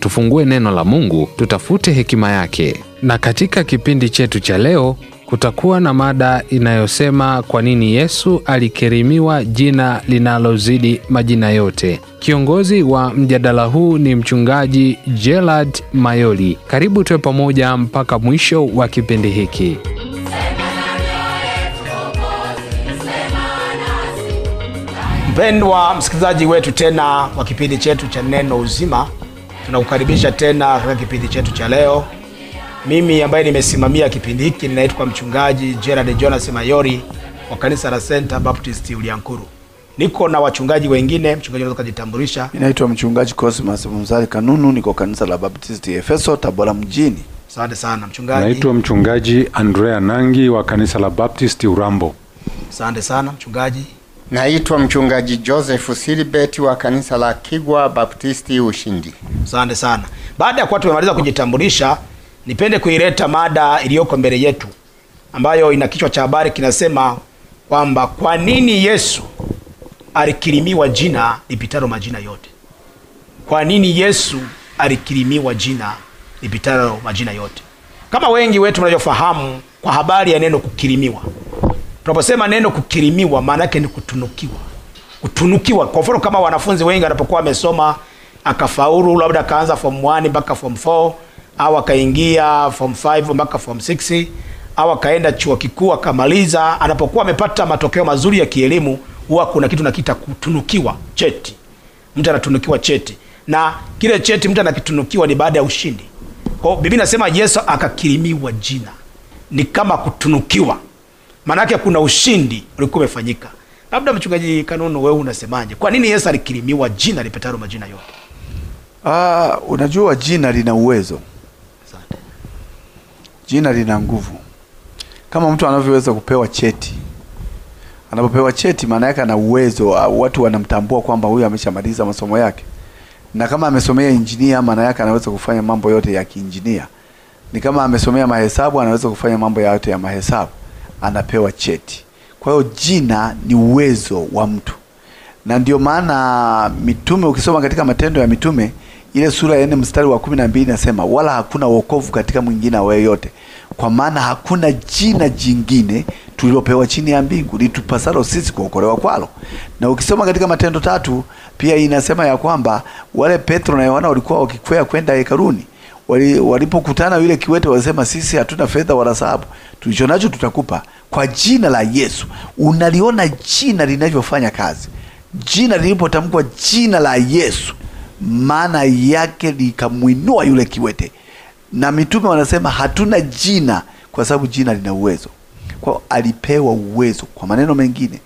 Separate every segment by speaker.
Speaker 1: tufungue neno la Mungu, tutafute hekima yake. Na katika kipindi chetu cha leo kutakuwa na mada inayosema kwa nini Yesu alikirimiwa jina linalozidi majina yote. Kiongozi wa mjadala huu ni mchungaji Gerald Mayoli. Karibu tuwe pamoja mpaka mwisho wa kipindi hiki.
Speaker 2: Mpendwa msikilizaji wetu, tena kwa kipindi chetu cha neno uzima tunakukaribisha tena katika kipindi chetu cha leo mimi ambaye nimesimamia kipindi hiki ninaitwa mchungaji gerard jonas mayori wa kanisa la center baptist uliankuru niko na wachungaji wengine mchungaji unaweza kujitambulisha ninaitwa
Speaker 3: mchungaji cosmas mzali kanunu niko kanisa la baptist efeso tabora mjini asante sana mchungaji naitwa
Speaker 4: mchungaji andrea nangi wa kanisa la baptist urambo
Speaker 2: asante sana mchungaji Naitwa mchungaji Joseph Silibeti wa kanisa la Kigwa Baptisti Ushindi. Asante sana. Baada ya kuwa tumemaliza kujitambulisha, nipende kuileta mada iliyoko mbele yetu ambayo ina kichwa cha habari kinasema kwamba kwa nini Yesu alikirimiwa jina lipitalo majina yote? Kwa nini Yesu alikirimiwa jina lipitalo majina yote? Kama wengi wetu mnavyofahamu kwa habari ya neno kukirimiwa tunaposema neno kukirimiwa maana yake ni kutunukiwa kutunukiwa kwa mfano kama wanafunzi wengi wanapokuwa wamesoma akafaulu labda akaanza form 1 mpaka form 4 au akaingia form 5 mpaka form 6 au akaenda chuo kikuu akamaliza anapokuwa amepata matokeo mazuri ya kielimu huwa kuna kitu nakiita kutunukiwa cheti mtu anatunukiwa cheti na kile cheti mtu anakitunukiwa ni baada ya ushindi kwao Biblia inasema yesu akakirimiwa jina ni kama kutunukiwa Maanake kuna ushindi ulikuwa umefanyika. Labda mchungaji Kanono, wewe unasemaje? Kwa nini Yesu alikirimiwa jina lipetalo majina yote?
Speaker 3: Ah, unajua jina lina uwezo. Asante. Jina lina nguvu kama mtu anavyoweza kupewa cheti. Anapopewa cheti, maana yake ana uwezo, ah, watu wanamtambua kwamba huyu ameshamaliza masomo yake, na kama amesomea injinia, maana yake anaweza kufanya mambo yote ya kiinjinia. Ni kama amesomea mahesabu, anaweza kufanya mambo yote ya mahesabu anapewa cheti. Kwa hiyo jina ni uwezo wa mtu, na ndio maana mitume, ukisoma katika Matendo ya Mitume ile sura ya nne mstari wa kumi na mbili inasema, wala hakuna wokovu katika mwingine awaye yote, kwa maana hakuna jina jingine tulilopewa chini ya mbingu litupasalo sisi kuokolewa kwalo. Na ukisoma katika Matendo tatu pia inasema ya kwamba wale Petro na Yohana walikuwa wakikwea kwenda hekaruni walipokutana yule kiwete walisema, sisi hatuna fedha wala sababu, tulicho nacho tutakupa kwa jina la Yesu. Unaliona jina linavyofanya kazi, jina lilipotamkwa, jina la Yesu, maana yake likamwinua yule kiwete. Na mitume wanasema hatuna jina, kwa sababu jina lina uwezo. Kwa alipewa uwezo. Kwa maneno mengine,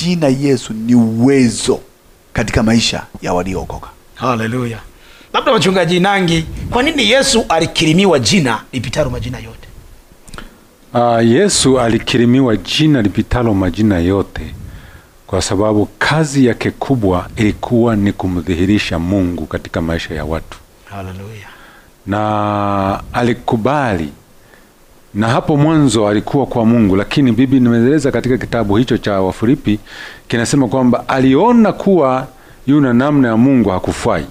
Speaker 3: jina Yesu ni uwezo katika maisha ya waliookoka.
Speaker 2: Haleluya! labda wachungaji nangi kwa nini yesu alikirimiwa jina lipitalo majina yote
Speaker 4: uh, yesu alikirimiwa jina lipitalo majina yote kwa sababu kazi yake kubwa ilikuwa ni kumdhihirisha mungu katika maisha ya watu
Speaker 2: Hallelujah.
Speaker 4: na alikubali na hapo mwanzo alikuwa kwa Mungu, lakini bibi nimeeleza katika kitabu hicho cha Wafilipi kinasema kwamba aliona kuwa yuna namna ya Mungu hakufai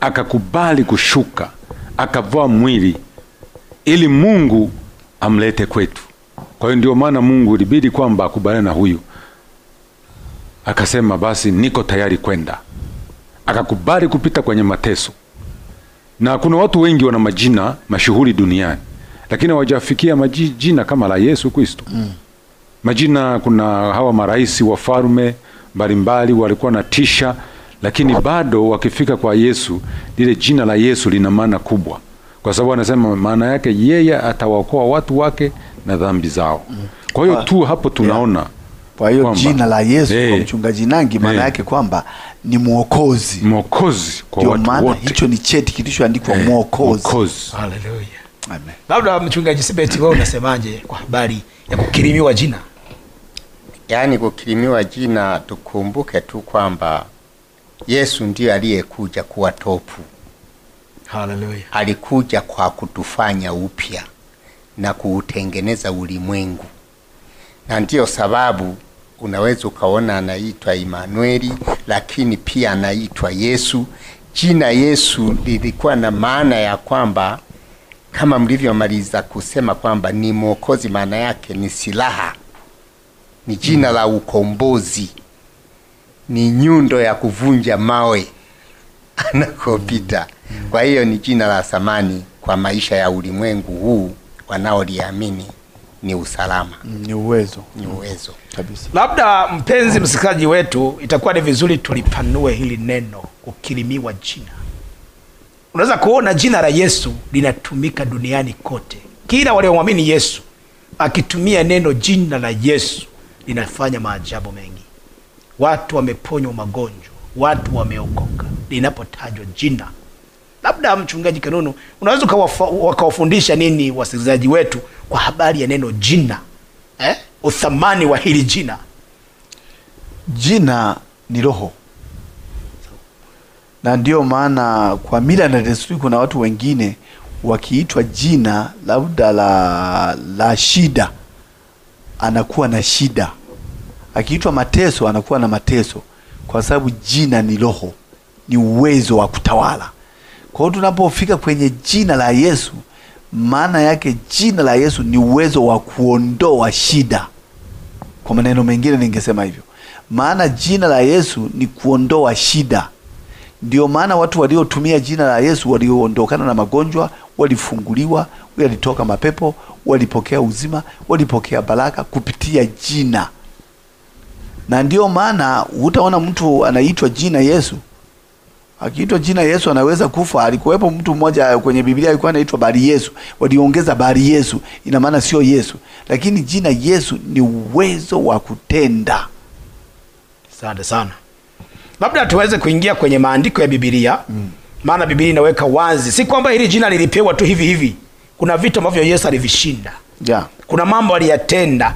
Speaker 4: akakubali kushuka akavaa mwili ili Mungu amlete kwetu. Kwa hiyo ndio maana Mungu ilibidi kwamba akubaliane na huyu, akasema basi, niko tayari kwenda. Akakubali kupita kwenye mateso, na kuna watu wengi wana majina mashuhuri duniani lakini hawajafikia majina kama la Yesu Kristo. Mm. Majina, kuna hawa marais wafalme mbalimbali walikuwa na tisha lakini bado wakifika kwa Yesu, lile jina la Yesu lina maana kubwa, kwa sababu anasema maana yake yeye atawaokoa watu wake na dhambi zao. Kwa hiyo tu hapo tunaona yeah. Kwa hiyo jina la Yesu hey, kwa eh. mchungaji Nangi maana hey, eh. yake kwamba ni mwokozi,
Speaker 3: mwokozi kwa watu wote. Ndio maana hicho ni cheti kilichoandikwa hey, eh, mwokozi.
Speaker 2: Haleluya, amen. Labda mchungaji Sibeti, wewe unasemaje kwa habari ya kukirimiwa jina? Yaani kukirimiwa jina, tukumbuke tu kwamba Yesu ndiyo aliyekuja kuwa topu. Hallelujah. Alikuja kwa kutufanya upya na kuutengeneza ulimwengu, na ndiyo sababu unaweza ukaona anaitwa Imanueli, lakini pia anaitwa Yesu. Jina Yesu lilikuwa na maana ya kwamba kama mlivyomaliza kusema kwamba ni mwokozi, maana yake ni silaha, ni jina mm. la ukombozi ni nyundo ya kuvunja mawe anakopita. Kwa hiyo ni jina la thamani kwa maisha ya ulimwengu huu wanaoliamini ni usalama, ni uwezo, ni uwezo kabisa. Labda mpenzi msikilizaji wetu, itakuwa ni vizuri tulipanue hili neno kukirimiwa jina. Unaweza kuona jina la Yesu linatumika duniani kote, kila waliomwamini Yesu akitumia neno jina la Yesu linafanya maajabu mengi watu wameponywa magonjwa, watu wameokoka linapotajwa jina. Labda mchungaji Kanunu, unaweza wakawafundisha nini wasikilizaji wetu kwa habari ya neno jina eh? uthamani wa
Speaker 3: hili jina. Jina ni roho, na ndiyo maana kwa mila na desturi kuna watu wengine wakiitwa jina labda la, la shida anakuwa na shida Akiitwa mateso anakuwa na mateso, kwa sababu jina ni roho, ni uwezo wa kutawala. Kwa hiyo tunapofika kwenye jina la Yesu, maana yake jina la Yesu ni uwezo wa kuondoa shida. Kwa maneno mengine ningesema hivyo, maana jina la Yesu ni kuondoa shida. Ndio maana watu waliotumia jina la Yesu walioondokana na magonjwa, walifunguliwa, walitoka mapepo, walipokea uzima, walipokea baraka kupitia jina na ndio maana utaona mtu anaitwa jina Yesu. Akiitwa jina Yesu anaweza kufa. Alikuwepo mtu mmoja kwenye Biblia alikuwa anaitwa Bari Yesu, waliongeza Bari Yesu, ina maana sio Yesu, lakini jina Yesu ni uwezo wa kutenda.
Speaker 2: Asante sana, labda tuweze kuingia kwenye maandiko ya Biblia mm. Maana Biblia inaweka wazi, si kwamba hili jina lilipewa tu hivi hivi. Kuna vitu ambavyo Yesu alivishinda, yeah. Kuna mambo aliyatenda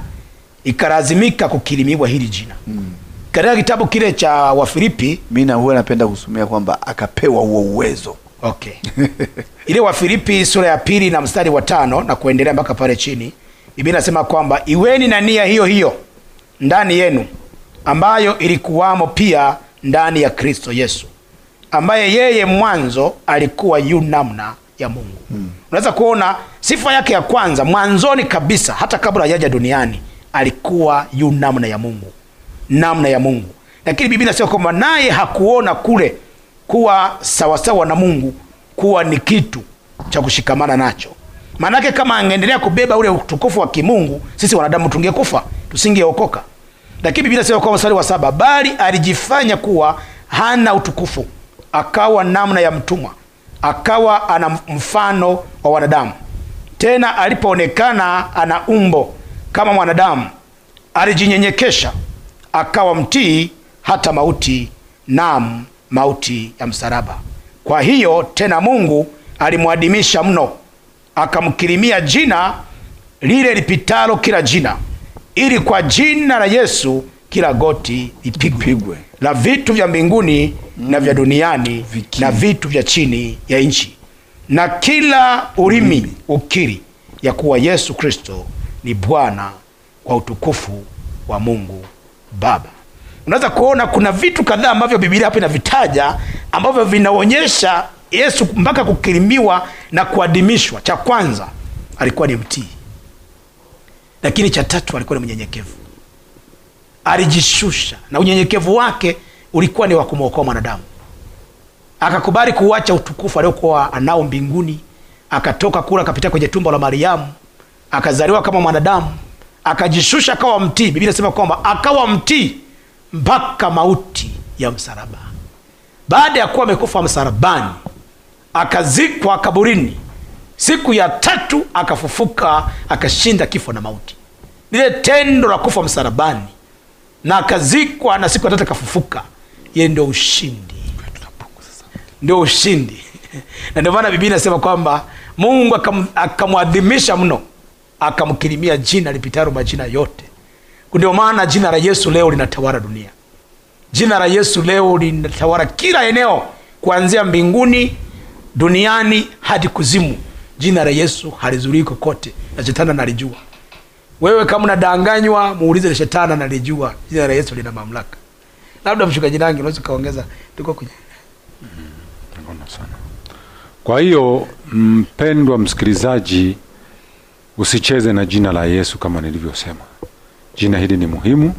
Speaker 2: ikalazimika kukirimiwa hili jina mm. Katika kitabu kile cha Wafilipi, mi na huwa napenda kusumia
Speaker 3: kwamba akapewa huo uwezo
Speaker 2: okay. ile Wafilipi sura ya pili na mstari wa tano na kuendelea mpaka pale chini, Biblia inasema kwamba iweni na nia hiyo hiyo ndani yenu ambayo ilikuwamo pia ndani ya Kristo Yesu, ambaye yeye mwanzo alikuwa yu namna ya Mungu. hmm. Unaweza kuona sifa yake ya kwanza mwanzoni kabisa, hata kabla hajaja duniani alikuwa yu namna ya Mungu, namna ya Mungu. Lakini Biblia inasema kwamba naye hakuona kule kuwa sawasawa na Mungu kuwa ni kitu cha kushikamana nacho. Maanake kama angeendelea kubeba ule utukufu wa kimungu, sisi wanadamu tungekufa, tusingeokoka. Lakini Biblia inasema kwamba mstari wa saba, bali alijifanya kuwa hana utukufu, akawa namna ya mtumwa, akawa ana mfano wa wanadamu. Tena alipoonekana ana umbo kama mwanadamu, alijinyenyekesha akawa mtii hata mauti, naam mauti ya msalaba. Kwa hiyo tena Mungu alimwadimisha mno, akamkirimia jina lile lipitalo kila jina, ili kwa jina la Yesu kila goti ipigwe la vitu vya mbinguni mm, na vya duniani Viki, na vitu vya chini ya nchi, na kila ulimi ukiri ya kuwa Yesu Kristo ni bwana kwa utukufu wa mungu baba unaweza kuona kuna vitu kadhaa ambavyo bibilia hapo inavitaja ambavyo vinaonyesha yesu mpaka kukirimiwa na kuadimishwa cha kwanza alikuwa ni mtii lakini cha tatu alikuwa ni mnyenyekevu alijishusha na unyenyekevu wake ulikuwa ni wa kumwokoa mwanadamu akakubali kuwacha utukufu aliokuwa anao mbinguni akatoka kula akapitia kwenye tumbo la mariamu akazaliwa kama mwanadamu akajishusha akawa mtii biblia inasema kwamba akawa mtii mpaka mauti ya msalaba baada ya kuwa amekufa msalabani akazikwa kaburini siku ya tatu akafufuka akashinda kifo na mauti lile tendo la kufa msalabani na akazikwa na siku ya tatu akafufuka yeye ndio ushindi ndio ushindi na ndio maana bibii inasema kwamba mungu akamwadhimisha mno akamkirimia jina lipitalo majina yote. Ndio maana jina la Yesu leo linatawala dunia. Jina la Yesu leo linatawala kila eneo, kuanzia mbinguni, duniani hadi kuzimu. Jina la Yesu halizulii kokote, na shetani analijua. Wewe kama unadanganywa, muulize na shetani, analijua. Jina la Yesu lina mamlaka. Labda mshukaji rangi, unaweza kaongeza, tuko kwenye
Speaker 4: mm-hmm. sana. Kwa hiyo mpendwa msikilizaji, Usicheze na jina la Yesu kama nilivyosema. Jina hili ni muhimu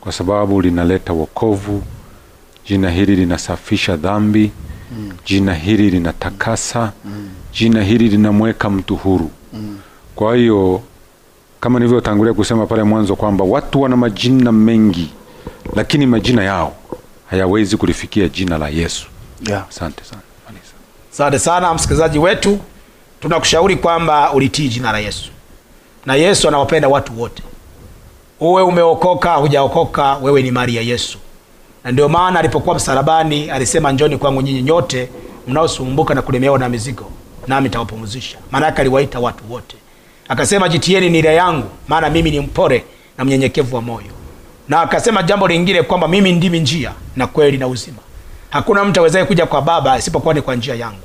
Speaker 4: kwa sababu linaleta wokovu. Jina hili linasafisha dhambi. Jina hili linatakasa. Jina hili linamweka mtu huru. Kwa hiyo kama nilivyotangulia kusema pale mwanzo kwamba watu wana majina mengi, lakini majina yao hayawezi kulifikia jina la Yesu. Yeah. Asante sana.
Speaker 2: Asante sana msikilizaji wetu tunakushauri kwamba ulitii jina la Yesu, na Yesu anawapenda watu wote. Uwe umeokoka hujaokoka, wewe ni mali ya Yesu, na ndio maana alipokuwa msalabani alisema, njoni kwangu nyinyi nyote mnaosumbuka na kulemewa na mizigo, nami tawapumzisha Maana aliwaita watu wote, akasema, jitieni nira yangu, maana mimi ni mpore na mnyenyekevu wa moyo. Na akasema jambo lingine kwamba mimi ndimi njia na kweli na uzima, hakuna mtu awezaye kuja kwa Baba isipokuwa ni kwa njia yangu.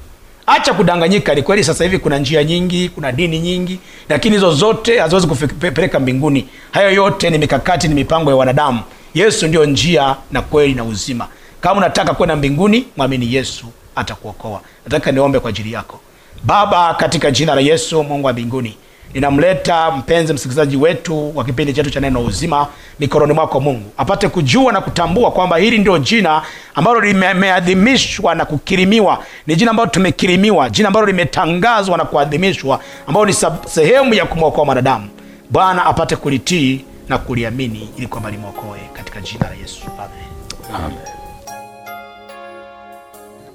Speaker 2: Acha kudanganyika. Ni kweli sasa hivi kuna njia nyingi, kuna dini nyingi, lakini hizo zote haziwezi kupeleka mbinguni. Hayo yote ni mikakati, ni mipango ya wanadamu. Yesu ndiyo njia na kweli na uzima. Kama unataka kwenda mbinguni, mwamini Yesu atakuokoa. Nataka niombe kwa ajili yako. Baba, katika jina la Yesu, Mungu wa mbinguni inamleta mpenzi msikilizaji wetu wa kipindi chetu cha neno uzima mikononi mwako mungu apate kujua na kutambua kwamba hili ndio jina ambalo limeadhimishwa na kukirimiwa ni jina ambalo tumekirimiwa jina ambalo limetangazwa na kuadhimishwa ambayo ni sehemu ya kumwokoa mwanadamu bwana apate kulitii na kuliamini ili kwamba limwokoe katika jina la yesu amen, amen.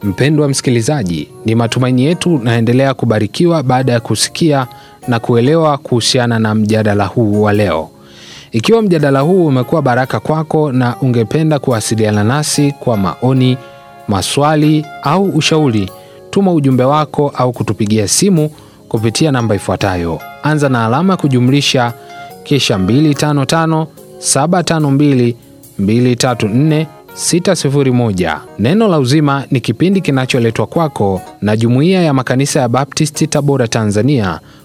Speaker 1: Mpendwa msikilizaji, ni matumaini yetu naendelea kubarikiwa baada ya kusikia na kuelewa kuhusiana na mjadala huu wa leo. Ikiwa mjadala huu umekuwa baraka kwako na ungependa kuwasiliana nasi kwa maoni, maswali au ushauri, tuma ujumbe wako au kutupigia simu kupitia namba ifuatayo: anza na alama kujumlisha kisha 255 Neno la Uzima ni kipindi kinacholetwa kwako na Jumuiya ya Makanisa ya Baptisti Tabora, Tanzania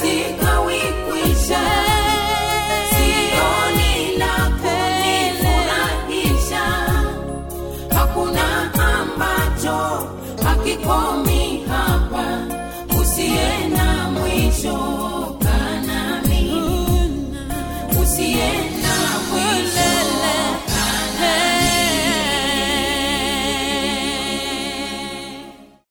Speaker 4: quase